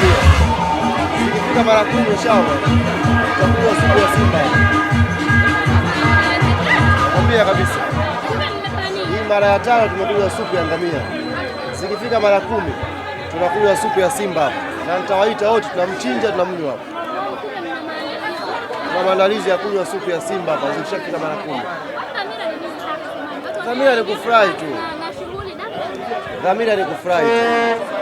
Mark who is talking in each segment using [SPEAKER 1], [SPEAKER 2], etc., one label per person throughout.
[SPEAKER 1] Tanzania. Ikifika mara kumi inshallah itakuwa siku ya Simba, nakwambia kabisa. Hii mara ya tano tumekunywa supu ya ngamia, zikifika mara kumi tunakunywa supu ya Simba hapa na nitawaita wote, tunamchinja tunamnywa hapa na maandalizi ya kunywa supu ya Simba hapa, zikishafika mara kumi dhamira ni kufurahi tu dhamira ni kufurahi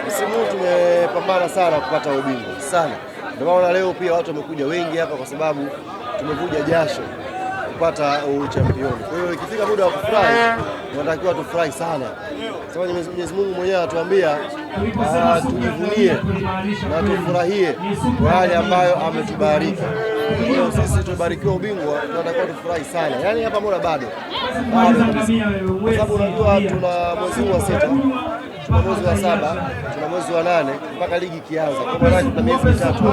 [SPEAKER 1] Msimu huu tumepambana sana kupata ubingwa sana, ndio maana leo pia watu wamekuja wengi hapa, kwa sababu tumevuja jasho kupata uchampioni. Kwa hiyo ikifika muda wa kufurahi, tunatakiwa tufurahi sana. Sababu Mwenyezi Mungu mwenyewe anatuambia ah, tujivunie na tufurahie kwa yale ambayo ametubariki. Hiyo sisi tubarikiwa ubingwa, tunatakiwa tufurahi sana. Yaani hapa muda bado, kwa sababu unajua tuna mwezi wa sita, tuna mwezi wa saba, tuna mwezi wa nane mpaka ligi ikianza, kwa maana tuna miezi mitatu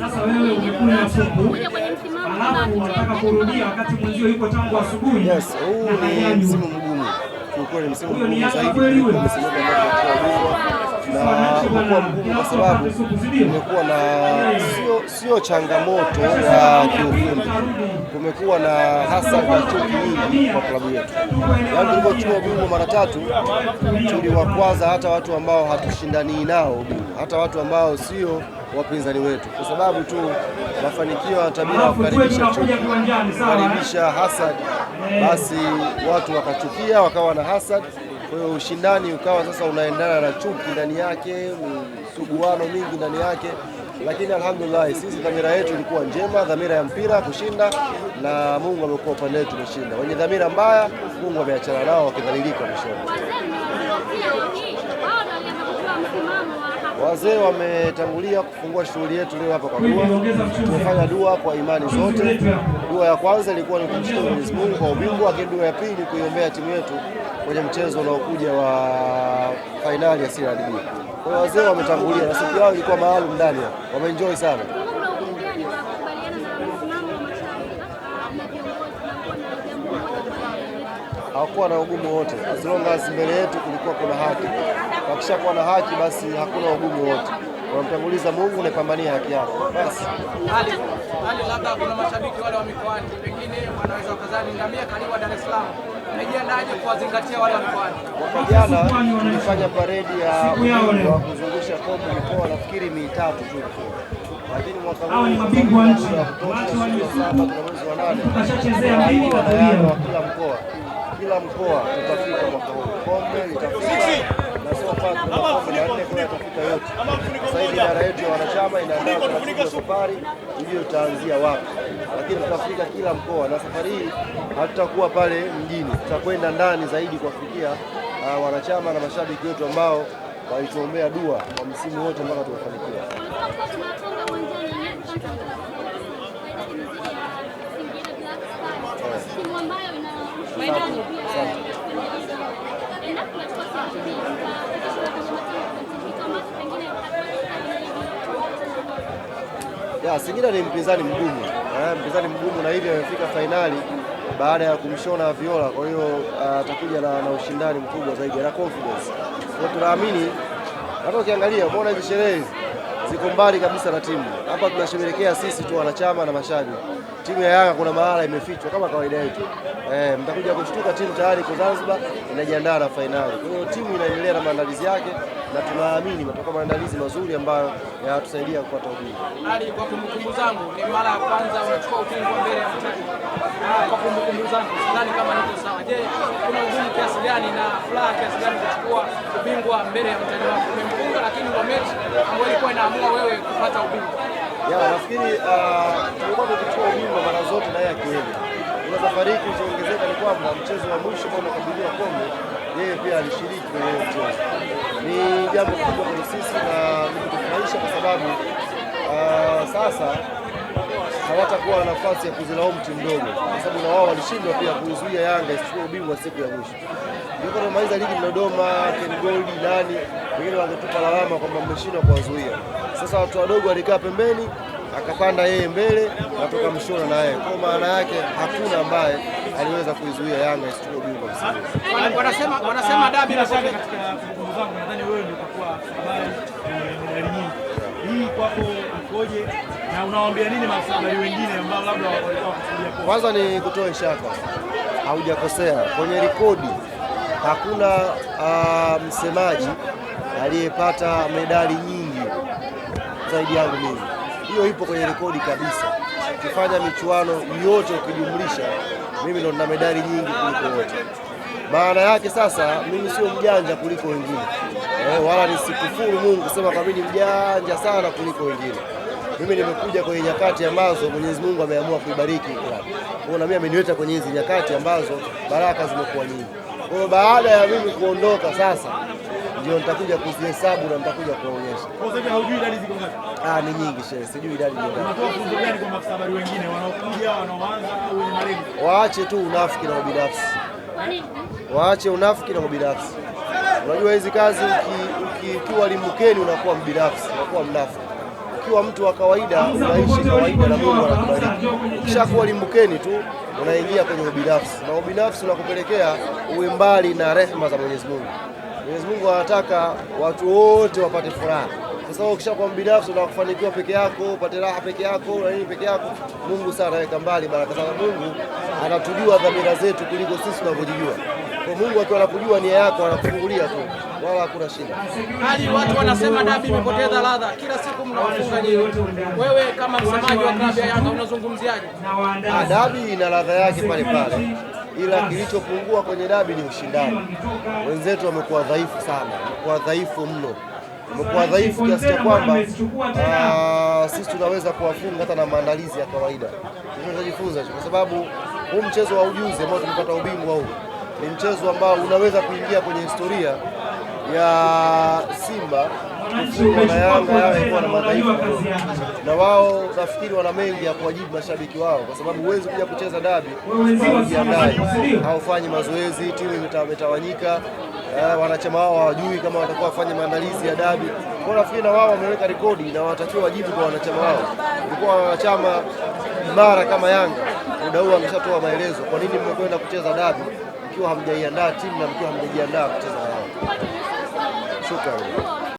[SPEAKER 2] Sasa wewe umekula supu wanataka kurudia wakati mwenzio yuko tangu asubuhi.
[SPEAKER 1] Yes, huu ni msimu mgumu. Kiukweli msimu mgumu zaidi na umekuwa mgumu kwa sababu kumekuwa na sio sio changamoto ya kiufundi, kumekuwa na hasa chuki nyingi kwa klabu yetu. Yaani tulipochukua ubingwa mara tatu tuliwakwaza hata watu ambao hatushindani nao, hata watu ambao sio wapinzani wetu, kwa sababu tu mafanikio ya tabia ya kukaribisha chuki, kukaribisha hasad, basi watu wakachukia wakawa na hasad kwa hiyo ushindani ukawa sasa unaendana na chuki ndani yake, msuguano mingi ndani yake, lakini alhamdulillah, sisi dhamira yetu ilikuwa njema, dhamira ya mpira kushinda, na Mungu amekuwa upande wetu, tumeshinda. Wenye dhamira mbaya Mungu ameachana nao, wakidhalilika mwishoni. Wazee wametangulia kufungua shughuli yetu leo hapa kwa dua. Tumefanya dua kwa imani zote. Dua ya kwanza ilikuwa ni kumshukuru Mwenyezi Mungu kwa ubingwa, lakini dua ya pili ni kuiombea timu yetu kwenye mchezo unaokuja wa fainali ya CRDB. Kwa hiyo wazee wametangulia na siku yao ilikuwa maalum ndani, wameenjoy sana. Hawakuwa na ugumu wote, as long as mbele yetu kulikuwa kuna haki. Wakishakuwa na haki, basi hakuna ugumu wote unamtanguliza Mungu, unaipambania haki yako. Basi
[SPEAKER 3] hali labda kuna mashabiki wale wa mikoani, pengine wanaweza wakazani ngamia karibu Dar es Salaam kuwazingatia wale wa mikoani?
[SPEAKER 1] jana tulifanya paredi ya wa kuzungusha kombe mikoa, nafikiri mitatu tu lakini mwaka huu wa kutosha saba mwezi wa
[SPEAKER 2] nane
[SPEAKER 1] wa kila mkoa, kila mkoa tutafika mwaka huu kombe litafika tunatafuta yote. Sasa idara yetu ya wanachama inaandaa safari ndiyo itaanzia wapi, lakini tutafika kila mkoa, na safari hii hatutakuwa pale mjini, tutakwenda ndani zaidi kuwafikia uh, wanachama na mashabiki wetu ambao walituombea dua kwa msimu wote mpaka tukafanikiwa. ya Singida ni mpinzani mgumu eh, mpinzani mgumu na hivi amefika fainali baada ya kumshona Viola. Kwa hiyo eh, atakuja uh, na, na ushindani mkubwa zaidi na confidence. Kwa tunaamini hata ukiangalia umeona hizi sherehe ziko mbali kabisa na timu. Hapa tunasherehekea sisi tu wanachama na mashabiki. Timu ya Yanga kuna mahala imefichwa kama kawaida yetu. Eh, mtakuja kushtuka, timu tayari kwa Zanzibar inajiandaa na fainali. Kwa hiyo timu inaendelea na maandalizi yake na tunaamini matoka maandalizi mazuri ambayo yanatusaidia kupata ubingwa.
[SPEAKER 3] Ali, kwa kumbukumbu zangu ni mara ya kwanza unachukua ubingwa mbele ya mchezo. Kwa kumbukumbu zangu sidhani kama niko sawa. Je, kuna ugumu kiasi gani na furaha kiasi gani kuchukua ubingwa mbele ya mtani wako? Umemfunga lakini kwa mechi ambayo ilikuwa inaamua wewe kupata ubingwa.
[SPEAKER 1] Ya, nafikiri uh, ah, tulikuwa tukichukua ubingwa mara zote yeye akiwepo na safari hii kilichoongezeka ni kwamba mchezo wa mwisho kwa ambao ya kombe, yeye pia alishiriki kwenye hiyo mchezo. Ni jambo kubwa kwa sisi na kutufurahisha kwa sababu uh, sasa hawatakuwa na nafasi ya kuzilaumu timu ndogo, kwa sababu na wao walishindwa pia kuzuia Yanga isichukue ubingwa siku ya mwisho. Ndio tunamaliza ligi na Dodoma, Ken Gold nani wengine wangetupa lawama kwamba mmeshindwa kuwazuia. Sasa watu wadogo walikaa pembeni akapanda yeye mbele na tukamshona na yeye. Kwa maana yake hakuna ambaye aliweza kuizuia Yanga isichukue ubingwa msimu.
[SPEAKER 3] Yaani wanasema wanasema dabi la katika kumbukumbu zangu, nadhani wewe ndio utakuwa habari medali nyingi hii kwako mkoje, na unawaambia nini mashabiki wengine ambao labda walikuwa wakusudia?
[SPEAKER 1] Kwanza ni kutoa shaka, haujakosea kwenye rekodi. Hakuna uh, msemaji aliyepata medali nyingi zaidi yangu mimi hiyo ipo kwenye rekodi kabisa. Ukifanya michuano yote ukijumlisha, mimi ndo nina medali nyingi kuliko wote. Maana yake sasa, mimi sio mjanja kuliko wengine eh, wala nisikufuru Mungu kusema kwa mimi mjanja sana kuliko wengine. Mimi nimekuja kwenye nyakati ambazo Mwenyezi Mungu ameamua kuibariki klabu. Kwa na mimi ameniweka kwenye hizi nyakati ambazo baraka zimekuwa nyingi. Kwa baada ya mimi kuondoka sasa ndio nitakuja kuzihesabu na nitakuja kuonyesha.
[SPEAKER 3] Haujui idadi ziko ngapi?
[SPEAKER 1] Ah, ni nyingi shehe, sijui idadi ni
[SPEAKER 3] ngapi. Kwa maksabari wengine wanaokuja wanaoanza au wenye malengo,
[SPEAKER 1] waache tu unafiki na ubinafsi, waache unafiki na ubinafsi. Unajua hizi kazi ukiwa limbukeni unakuwa mbinafsi, unakuwa mnafiki. Ukiwa mtu wa kawaida unaishi kawaida na Mungu anakubariki. Ukishakuwa limbukeni tu unaingia kwenye ubinafsi, na ubinafsi unakupelekea uwe mbali na rehema za Mwenyezi Mungu. Mwenyezi Mungu anataka watu wote wapate furaha. Sasa ukishakuwa mbinafsi unataka kufanikiwa peke yako, upate raha peke yako na nini peke yako, Mungu sana anaweka mbali baraka zake. Mungu anatujua dhamira zetu kuliko sisi tunavyojijua. Kwa Mungu akiwa anakujua nia yako anakufungulia tu, wala hakuna shida.
[SPEAKER 3] Hali watu wanasema dabi imepoteza ladha, kila siku mnawafunga nyinyi. Wewe kama msemaji wa klabu ya Yanga unazungumziaje?
[SPEAKER 1] Dabi ina ladha yake pale pale ila kilichopungua kwenye dabi ni ushindani. Wenzetu wamekuwa dhaifu sana, wamekuwa dhaifu mno, wamekuwa dhaifu kiasi cha kwamba ah, sisi tunaweza kuwafunga hata na maandalizi ya kawaida. Tunachojifunza kwa sababu huu mchezo wa ujuzi ambao tumepata ubingwa huu ni mchezo ambao unaweza kuingia kwenye historia ya Simba na wao, nafikiri wana mengi ya kuwajibu mashabiki wao, kwa sababu huwezi kuja kucheza dabi ujiandae, haufanyi mazoezi, timu imetawanyika, eh, wanachama wao hawajui kama watakuwa wafanye maandalizi ya dabi. kwao. nafikiri na wao wameweka rekodi na wanatakiwa wajibu kwa wanachama wao. Ulikuwa wanachama imara kama Yanga, muda huu ameshatoa maelezo kwa nini mmekwenda kucheza dabi mkiwa hamjaiandaa timu na mkiwa hamjajiandaa kucheza yao. Shukrani.